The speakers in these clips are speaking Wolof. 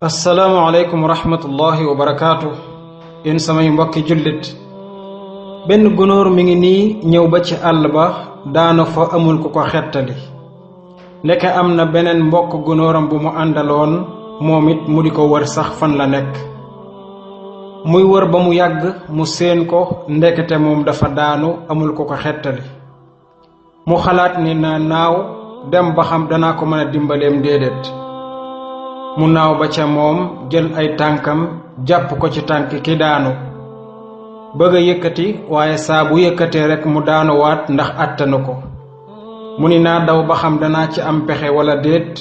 asalaamualeykum wa rahmatullahi wa barakaatu yéen samay mbokki jullit benn gunóor mi ngi nii ñëw ba ci àll ba daanu fa amul ku ko xettali ndeke am na beneen mbokk gunóoram bu mu àndaloon moom it mu di ko wër sax fan la nekk muy wër ba mu yàgg mu séen ko ndekete moom dafa daanu amul ku ko xettali mu xalaat ni naa naaw dem ba xam danaa ko mën a dimbaleem déedéet mu naaw ba ca moom jël ay tànkam jàpp ko ci tànk ki daanu bëgg a yëkkati waaye saa bu yëkkatee rek mu daanuwaat ndax attanu ko mu ni naa daw ba xam danaa ci am pexe wala déet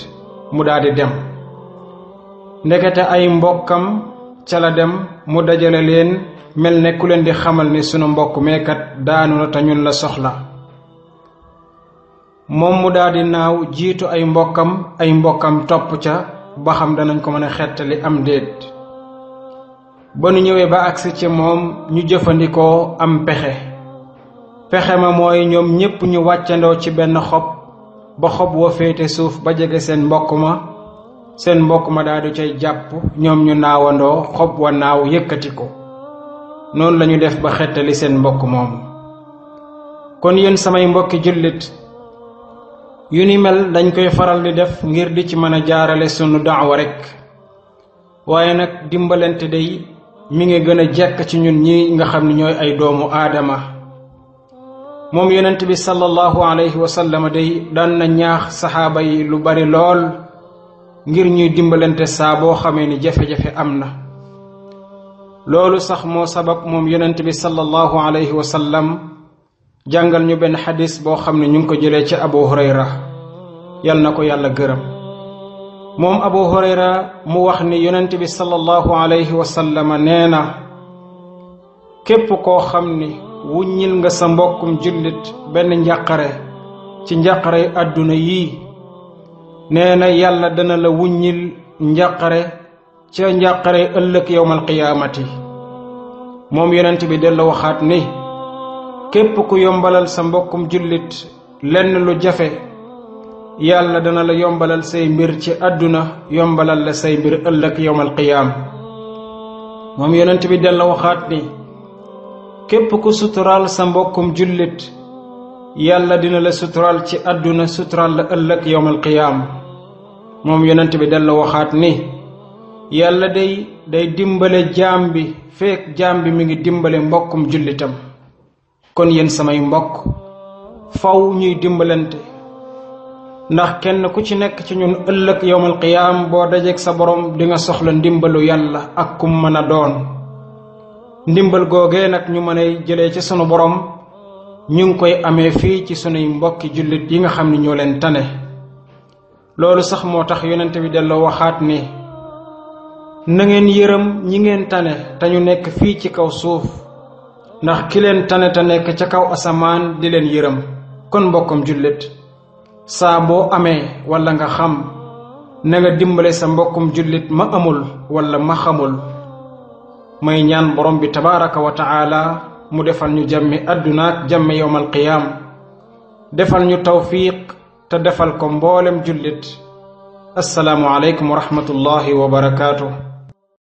mu daal di dem ndekete ay mbokkam ca la dem mu dajale leen mel ne ku leen di xamal ni sunu mbokk meekat daanu na te ñun la soxla moom mu daal di naaw jiitu ay mbokkam ay mbokkam topp ca ba xam danañ ko mën a xettali am déet ba nu ñëwee ba agsi ci moom ñu jëfandikoo am pexe pexe ma mooy ñoom ñépp ñu wàccandoo ci benn xob ba xob wa féete suuf ba jege seen mbokk ma seen mbokk ma daadu cay jàpp ñoom ñu naawandoo xob wa naaw yëkkati ko noonu lañu def ba xettali seen mbokk moomu kon yéen samay mbokki jullit yu ni mel dañ koy faral di def ngir di ci mën a jaarale sunu daawa rekk waaye nag dimbalante day mi ngi gën a jekk ci ñun ñi nga xam ne ñooy ay doomu aadama moom yonent bi sallallahu alayhi wa sallam day daan na ñaax saxaaba yi lu bari lool ngir ñuy dimbalante saa boo xamee ni jafe-jafe am na loolu sax moo sabab moom yonent bi sallallahu alayhi wa jàngal ñu benn xadis boo xam ne ñu ngi ko jëlee ci abu hurayra yal na ko yàlla gërëm moom abu hurayra mu wax ni yonent bi sallallahu alayhi wa sallama nee na képp koo xam ni wuññil nga sa mbokkum jullit benn njàqare ci njàqare àdduna yii nee na yàlla dana la wuññil njàqare ca njàqare ëllëg yowmal qiyaamati moom yonent bi dellu waxaat ni képp ku yombalal sa mbokkum jullit lenn lu jafe yàlla dana la yombalal say mbir ci àdduna yombalal la say mbir ëllëg yowmal qiyaam moom yonent bi dal waxaat ni képp ku suturaal sa mbokkum jullit yàlla dina la suturaal ci àdduna suturaal la ëllëg yowmal qiyaam moom yonent bi dal waxaat ni yàlla day day dimbale jaam bi feek jaam bi mi ngi dimbale mbokkum jullitam kon yéen samay mbokk faw ñuy dimbalante ndax kenn ku ci nekk ci ñun ëllëg yowmal qiyaam boo dajeek sa boroom di nga soxla ndimbalu yàlla ak kum mën a doon ndimbal googee nag ñu mën a jëlee ci sunu boroom ñu ngi koy amee fii ci sunuy mbokki jullit yi nga xam ni ñoo leen tane loolu sax moo tax yonent bi delloo waxaat ni na ngeen yërëm ñi ngeen tane te ñu nekk fii ci kaw suuf ndax ki leen tane te nekk ca kaw asamaan di leen yërëm kon mbokkum jullit saa boo amee walla nga xam na nga dimbale sa mbokkum jullit ma amul walla ma xamul may ñaan borom bi tabaaraka wa taala mu defal ñu jàmmi àddunaak jàmmi yowmal qiyaam defal ñu tawfiiq te defal ko mboolem jullit assalaamu aleykum wa rahmatullahi wa barakaatu